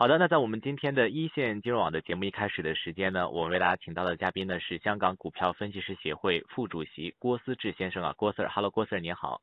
好的，那在我們今天的一線金融網的節目一開始的時間呢，我為大家請到的嘉賓呢是香港股票分析師協會副主席郭思治先生啊，郭 Sir 哈嘍，Hello, 郭 Sir，你好。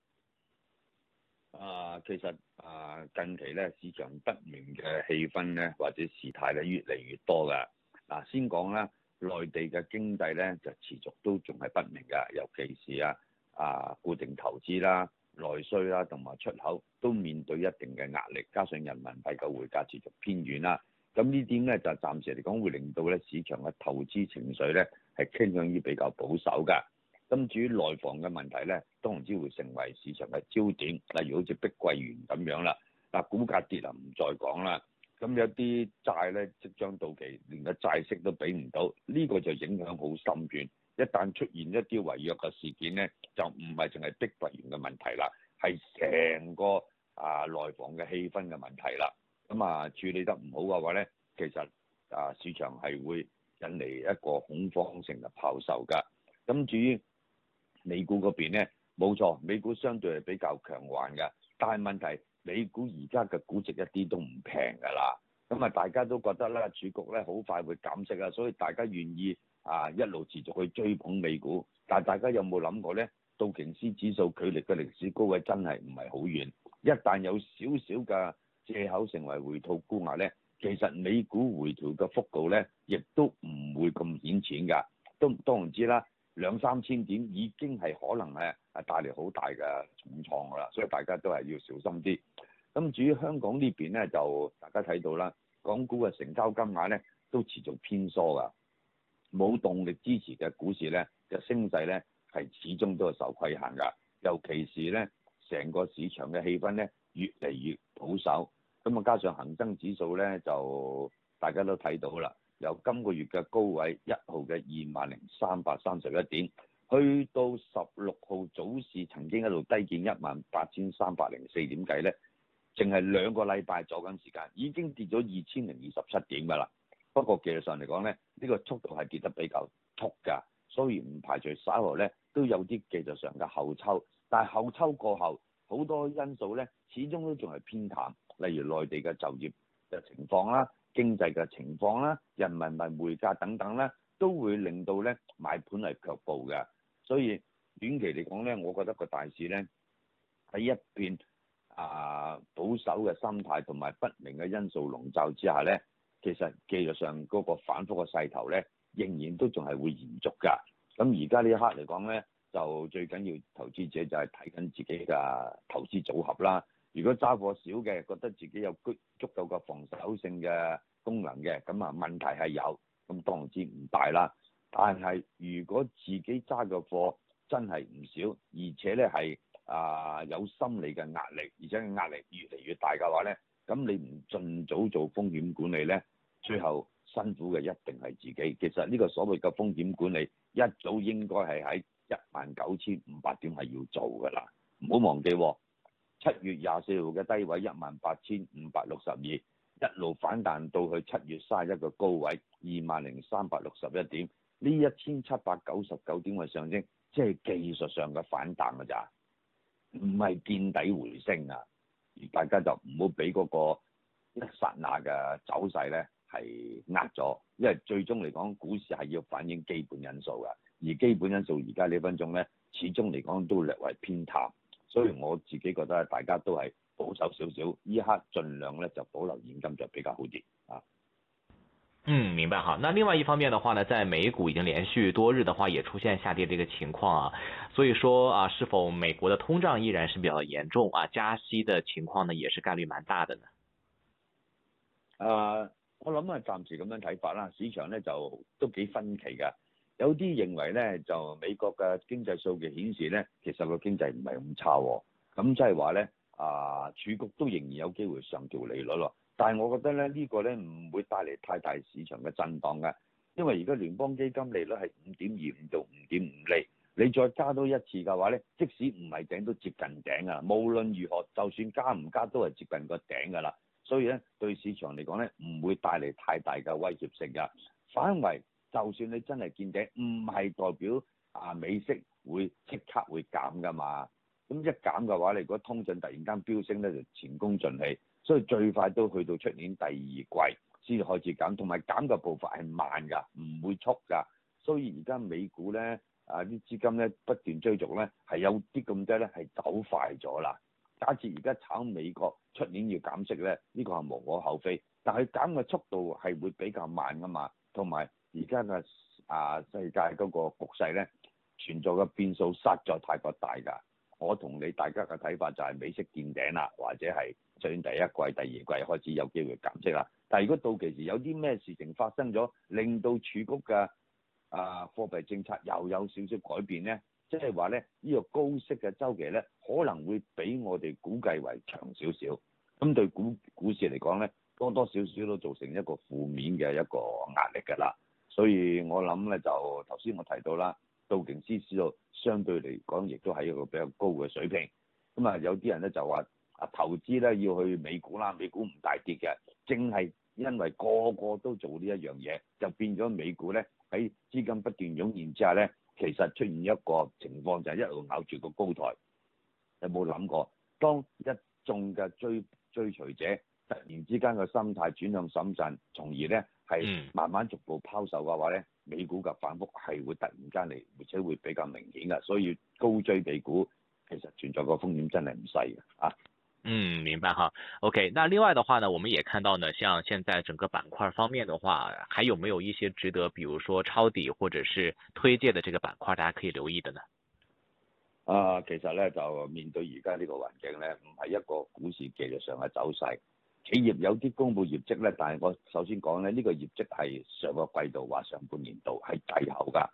啊、呃，其實啊、呃，近期咧市場不明嘅氣氛咧，或者事態咧越嚟越多噶。嗱，先講啦，內地嘅經濟咧就持續都仲係不明噶，尤其是啊啊、呃、固定投資啦、內需啦同埋出口都面對一定嘅壓力，加上人民幣嘅匯價持續偏軟啦。咁呢點咧就暫時嚟講會令到咧市場嘅投資情緒咧係傾向於比較保守噶。咁至於內房嘅問題呢，都唔知會成為市場嘅焦點。例如好似碧桂園咁樣啦，嗱股價跌啦，唔再講啦。咁有啲債呢，即將到期，連個債息都俾唔到，呢個就影響好深遠。一旦出現一啲違約嘅事件呢，就唔係淨係碧桂園嘅問題啦，係成個啊內房嘅氣氛嘅問題啦。咁啊處理得唔好嘅話呢，其實啊市場係會引嚟一個恐慌性嘅拋售㗎。咁至於美股嗰邊咧，冇錯，美股相對係比較強橫嘅，但係問題，美股而家嘅估值一啲都唔平㗎啦，咁啊大家都覺得咧，儲局咧好快會減息啊，所以大家願意啊一路持續去追捧美股，但係大家有冇諗過呢？道瓊斯指數距離嘅歷史高位真係唔係好遠，一旦有少少嘅藉口成為回吐沽壓呢，其實美股回吐嘅幅度呢，亦都唔會咁顯淺㗎，都當然知啦。兩三千點已經係可能咧，啊帶嚟好大嘅重創噶啦，所以大家都係要小心啲。咁至於香港呢邊咧，就大家睇到啦，港股嘅成交金額咧都持續偏縮噶，冇動力支持嘅股市咧就升勢咧係始終都係受侷限噶，尤其是咧成個市場嘅氣氛咧越嚟越保守，咁啊加上恒生指數咧就大家都睇到啦。由今個月嘅高位，一號嘅二萬零三百三十一點，去到十六號早市曾經喺度低見一萬八千三百零四點計呢，淨係兩個禮拜咗緊時間，已經跌咗二千零二十七點噶啦。不過技術上嚟講咧，呢，呢個速度係跌得比較速噶，雖然唔排除稍後咧都有啲技術上嘅後抽。但係後抽過後，好多因素呢，始終都仲係偏淡，例如內地嘅就業嘅情況啦。經濟嘅情況啦、人民幣匯價等等咧，都會令到咧買盤係卻步嘅。所以短期嚟講咧，我覺得個大市咧喺一片啊、呃、保守嘅心態同埋不明嘅因素籠罩之下咧，其實技術上嗰個反覆嘅勢頭咧，仍然都仲係會延續㗎。咁而家呢一刻嚟講咧，就最緊要投資者就係睇緊自己嘅投資組合啦。如果揸貨少嘅，覺得自己有足夠嘅防守性嘅功能嘅，咁啊問題係有，咁當然唔大啦。但係如果自己揸嘅貨真係唔少，而且呢係啊有心理嘅壓力，而且壓力越嚟越大嘅話呢，咁你唔盡早做風險管理呢，最後辛苦嘅一定係自己。其實呢個所謂嘅風險管理，一早應該係喺一萬九千五百點係要做㗎啦，唔好忘記。七月廿四號嘅低位一萬八千五百六十二，一路反彈到去七月三十一嘅高位二萬零三百六十一點，呢一千七百九十九點嘅上升，即係技術上嘅反彈嘅咋，唔係見底回升啊！而大家就唔好俾嗰個一剎那嘅走勢呢係呃咗，因為最終嚟講，股市係要反映基本因素噶，而基本因素而家呢分鐘呢，始終嚟講都略為偏淡。所以我自己覺得大家都係保守少少，一刻儘量咧就保留現金就比較好啲啊。嗯，明白哈。那另外一方面的話呢，在美股已經連續多日的話也出現下跌呢個情況啊，所以說啊，是否美國的通脹依然是比較嚴重啊？加息嘅情況呢，也是概率蠻大嘅呢。誒、呃，我諗啊，暫時咁樣睇法啦，市場呢，就都幾分歧㗎。有啲認為呢，就美國嘅經濟數據顯示呢，其實個經濟唔係咁差喎。咁即係話呢，啊，儲局都仍然有機會上調利率咯。但係我覺得呢，呢個呢唔會帶嚟太大市場嘅震盪嘅，因為而家聯邦基金利率係五點二五到五點五厘，你再加多一次嘅話呢，即使唔係頂都接近頂啊。無論如何，就算加唔加都係接近個頂㗎啦。所以呢，對市場嚟講呢，唔會帶嚟太大嘅威脅性㗎，反為，就算你真係見頂，唔係代表啊美息會即刻會減噶嘛。咁一減嘅話，你如果通脹突然間飆升咧，就前功盡棄。所以最快都去到出年第二季先開始減，同埋減嘅步伐係慢㗎，唔會速㗎。所以而家美股咧，啊啲資金咧不斷追逐咧，係有啲咁多咧係走快咗啦。假設而家炒美國出年要減息咧，呢、這個係無可厚非，但係減嘅速度係會比較慢㗎嘛，同埋。而家嘅啊世界嗰個局勢咧，存在嘅變數實在太過大㗎。我同你大家嘅睇法就係美息見頂啦，或者係上第一季、第二季開始有機會減息啦。但係如果到其時有啲咩事情發生咗，令到儲局嘅啊貨幣政策又有少少改變咧，即係話咧呢個高息嘅周期咧可能會比我哋估計為長少少。咁對股股市嚟講咧，多多少少都造成一個負面嘅一個壓力㗎啦。所以我諗咧，就頭先我提到啦，道瓊斯指數相對嚟講，亦都係一個比較高嘅水平。咁啊，有啲人咧就話啊，投資咧要去美股啦，美股唔大跌嘅，正係因為個個都做呢一樣嘢，就變咗美股咧喺資金不斷湧現之下咧，其實出現一個情況就係一路咬住個高台。有冇諗過，當一眾嘅追追隨者突然之間嘅心態轉向審慎，從而咧，係慢慢逐步拋售嘅話咧，美股嘅反覆係會突然間嚟，而且會比較明顯噶，所以高追美股其實存在個風險真係唔細嘅啊。嗯，明白哈。OK，那另外的話呢，我們也看到呢，像現在整個板塊方面的話，還有沒有一些值得，比如說抄底或者是推薦的這個板塊，大家可以留意的呢？啊，其實呢，就面對而家呢個環境呢，唔係一個股市技術上嘅走勢。企業有啲公布業績呢，但係我首先講呢，呢、呢個業績係上個季度或上半年度係滯後㗎。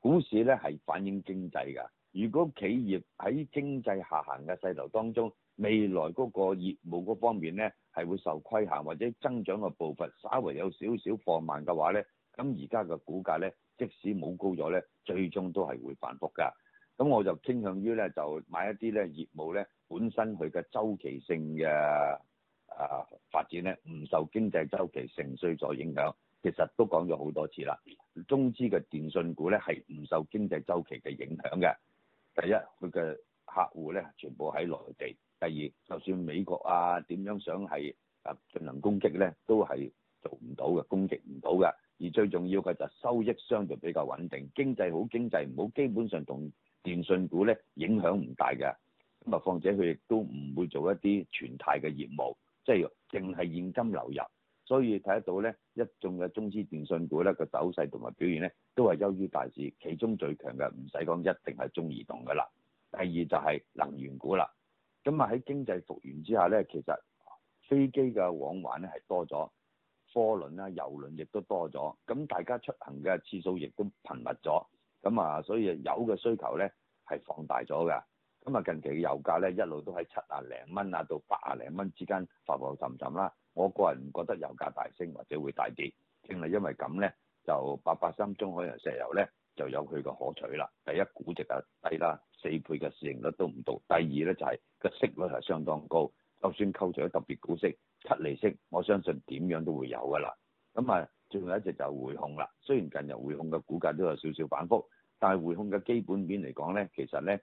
股市呢係反映經濟㗎。如果企業喺經濟下行嘅勢頭當中，未來嗰個業務嗰方面呢係會受規限，或者增長嘅步伐稍微有少少放慢嘅話呢，咁而家嘅股價呢即使冇高咗呢，最終都係會反覆㗎。咁我就傾向於呢，就買一啲呢業務呢本身佢嘅周期性嘅。啊！發展咧唔受經濟周期盛衰所影響，其實都講咗好多次啦。中資嘅電信股咧係唔受經濟周期嘅影響嘅。第一，佢嘅客戶咧全部喺內地；第二，就算美國啊點樣想係啊進行攻擊咧，都係做唔到嘅，攻擊唔到嘅。而最重要嘅就係收益相對比較穩定，經濟好經濟唔好，基本上同電信股咧影響唔大嘅。咁啊，況且佢亦都唔會做一啲全態嘅業務。即係淨係現金流入，所以睇得到呢一眾嘅中資電信股呢個走勢同埋表現呢都係優於大市，其中最強嘅唔使講，一定係中移動噶啦。第二就係能源股啦，咁啊喺經濟復原之下呢，其實飛機嘅往返呢係多咗，貨輪啦、郵輪亦都多咗，咁大家出行嘅次數亦都頻密咗，咁啊所以油嘅需求呢係放大咗嘅。咁啊，近期嘅油價咧，一路都喺七啊零蚊啊到八啊零蚊之間浮浮沉沉啦。我個人唔覺得油價大升或者會大跌，正係因為咁咧，就八八三中海洋石油咧就有佢個可取啦。第一估值啊低啦，四倍嘅市盈率都唔到。第二咧就係個息率係相當高，就算扣除咗特別股息、七厘息，我相信點樣都會有㗎啦。咁啊，最後一隻就匯控啦。雖然近日匯控嘅股價都有少少反覆，但係匯控嘅基本面嚟講咧，其實咧。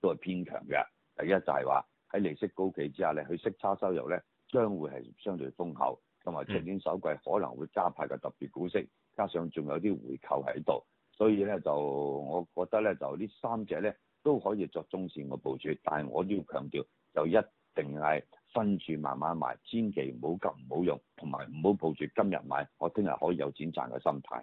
都係偏強嘅。第一就係話喺利息高企之下咧，佢息差收入咧將會係相對豐厚。同埋出年首季可能會加派個特別股息，加上仲有啲回購喺度，所以咧就我覺得咧就呢三隻咧都可以作中線個部署。但係我都要強調就一定係分住慢慢買，千祈唔好急，唔好用，同埋唔好抱住今日買我聽日可以有錢賺嘅心態。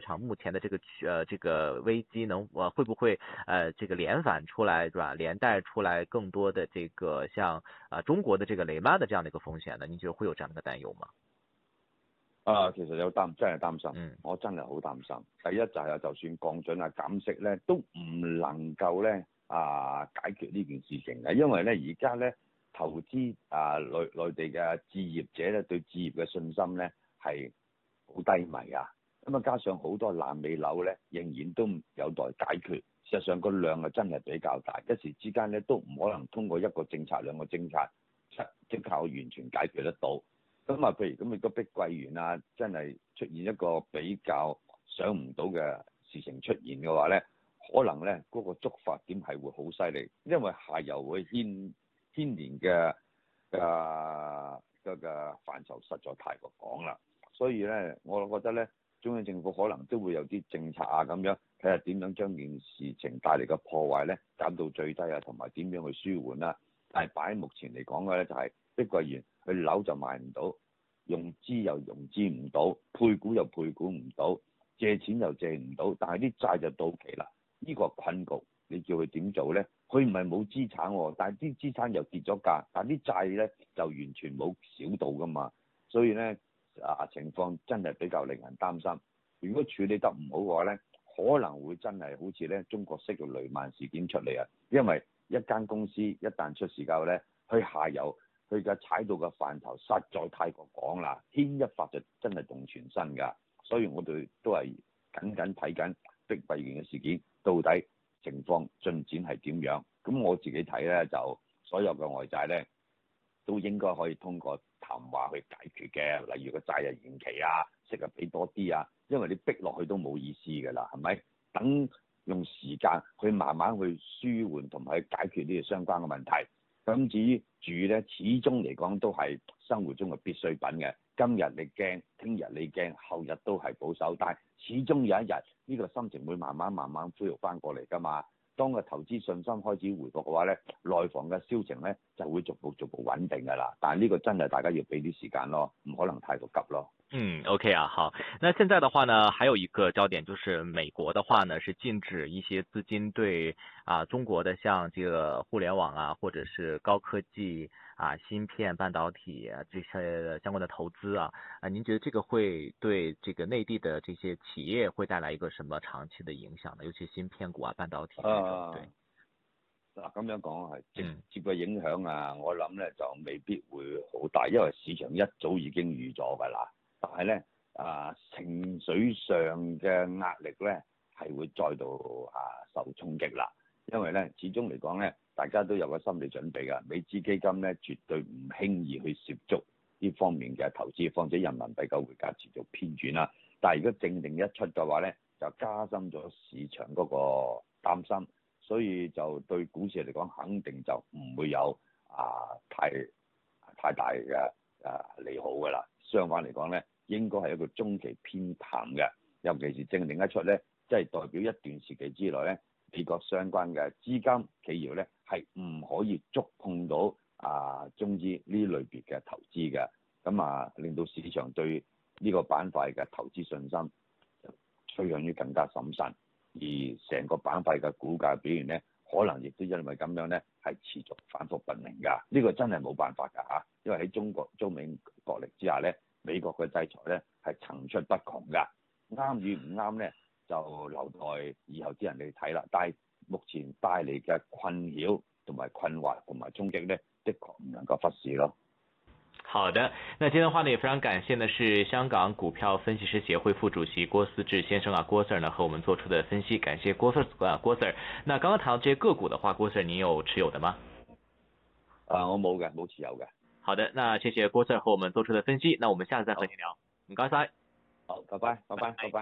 場目前的這個呃，這個危機能，呃，會不會，呃，這個連反出來，是吧？連帶出來更多的這個，像，啊，中國的這個雷曼的這樣的一個風險呢？你覺得會有這樣的個擔憂嗎？啊，其實有擔，真係擔心，嗯，我真係好擔心。第一就係就算降準啊、減息咧，都唔能夠咧啊解決呢件事情嘅，因為咧而家咧投資啊內內地嘅置業者咧對置業嘅信心咧係好低迷啊。咁啊，加上好多爛尾樓咧，仍然都有待解決。事實上個量啊，真係比較大，一時之間咧都唔可能通過一個政策兩個政策，即靠完全解決得到。咁、嗯、啊，譬如咁，你個碧桂園啊，真係出現一個比較想唔到嘅事情出現嘅話咧，可能咧嗰個觸發點係會好犀利，因為下游會牽牽連嘅嘅個範疇實在太過廣啦。所以咧，我覺得咧。中央政府可能都會有啲政策啊，咁樣睇下點樣將件事情帶嚟嘅破壞呢，減到最低啊，同埋點樣去舒緩啦、啊。但係擺目前嚟講嘅呢，就係碧桂園佢樓就賣唔到，融資又融資唔到，配股又配股唔到，借錢又借唔到，但係啲債就到期啦。呢、呢個困局，你叫佢點做呢？佢唔係冇資產喎、哦，但係啲資產又跌咗價，但係啲債呢，就完全冇少到㗎嘛，所以呢。啊！情況真係比較令人擔心。如果處理得唔好嘅話呢，可能會真係好似呢中國式嘅雷曼事件出嚟啊！因為一間公司一旦出事之後呢，佢下游佢嘅踩到嘅範疇實在太過廣啦，牽一發就真係動全身㗎。所以我哋都係緊緊睇緊碧桂園嘅事件，到底情況進展係點樣。咁我自己睇呢，就，所有嘅外債呢，都應該可以通過。唔話、啊、去解決嘅，例如個債日延期啊，息啊俾多啲啊，因為你逼落去都冇意思噶啦，係咪？等用時間去慢慢去舒緩同埋解決呢啲相關嘅問題。咁、嗯、至於住咧，始終嚟講都係生活中嘅必需品嘅。今日你驚，聽日你驚，後日都係保守，但係始終有一日呢、呢個心情會慢慢慢慢恢復翻過嚟㗎嘛。當個投資信心開始回復嘅話咧，內房嘅銷情咧就會逐步逐步穩定㗎喇。但係呢個真係大家要俾啲時間咯，唔可能太過急咯。嗯，OK 啊，好。那現在的話呢，還有一個焦點就是美國的話呢，是禁止一些資金對啊中國的像這個互聯網啊，或者是高科技，啊，芯片、半導體啊，這些相關的投資啊，啊，您覺得這個會對這個內地的這些企業會帶來一個什麼長期的影響呢？尤其芯片股啊、半導體啊，對。嗱，咁、啊、樣講係直接嘅影響啊，嗯、我諗咧就未必會好大，因為市場一早已經預咗噶啦。但係咧，啊情緒上嘅壓力咧係會再度啊、呃、受衝擊啦，因為咧始終嚟講咧。大家都有個心理準備㗎，美資基金咧絕對唔輕易去涉足呢方面嘅投資，況且人民幣嘅匯價持續偏轉啦。但係如果政令一出嘅話咧，就加深咗市場嗰個擔心，所以就對股市嚟講，肯定就唔會有啊太太大嘅啊利好㗎啦。相反嚟講咧，應該係一個中期偏淡嘅，尤其是政令一出咧，即係代表一段時期之內咧。美國相關嘅資金企業咧，係唔可以觸碰到啊，中資呢類別嘅投資嘅，咁啊，令到市場對呢個板塊嘅投資信心趨向於更加審慎，而成個板塊嘅股價表現咧，可能亦都因為咁樣咧，係持續反覆不明㗎。呢、這個真係冇辦法㗎嚇、啊，因為喺中國中美角力之下咧，美國嘅制裁咧係層出不窮㗎。啱與唔啱咧？就留待以後啲人嚟睇啦。但係目前帶嚟嘅困擾同埋困惑同埋衝擊呢，的確唔能夠忽視咯。好的，那今天話呢，也非常感謝呢，是香港股票分析師協會副主席郭思智先生啊，郭 Sir 呢，和我們做出的分析。感謝郭 Sir 啊，郭 Sir。那剛剛談到這些個，個股的話，郭 Sir，你有持有的嗎？啊、呃，我冇嘅，冇持有嘅。好的，那謝謝郭 Sir 和我們做出的分析。那我們下次再和你聊。唔該晒。好，謝謝好拜，拜，拜拜，拜拜。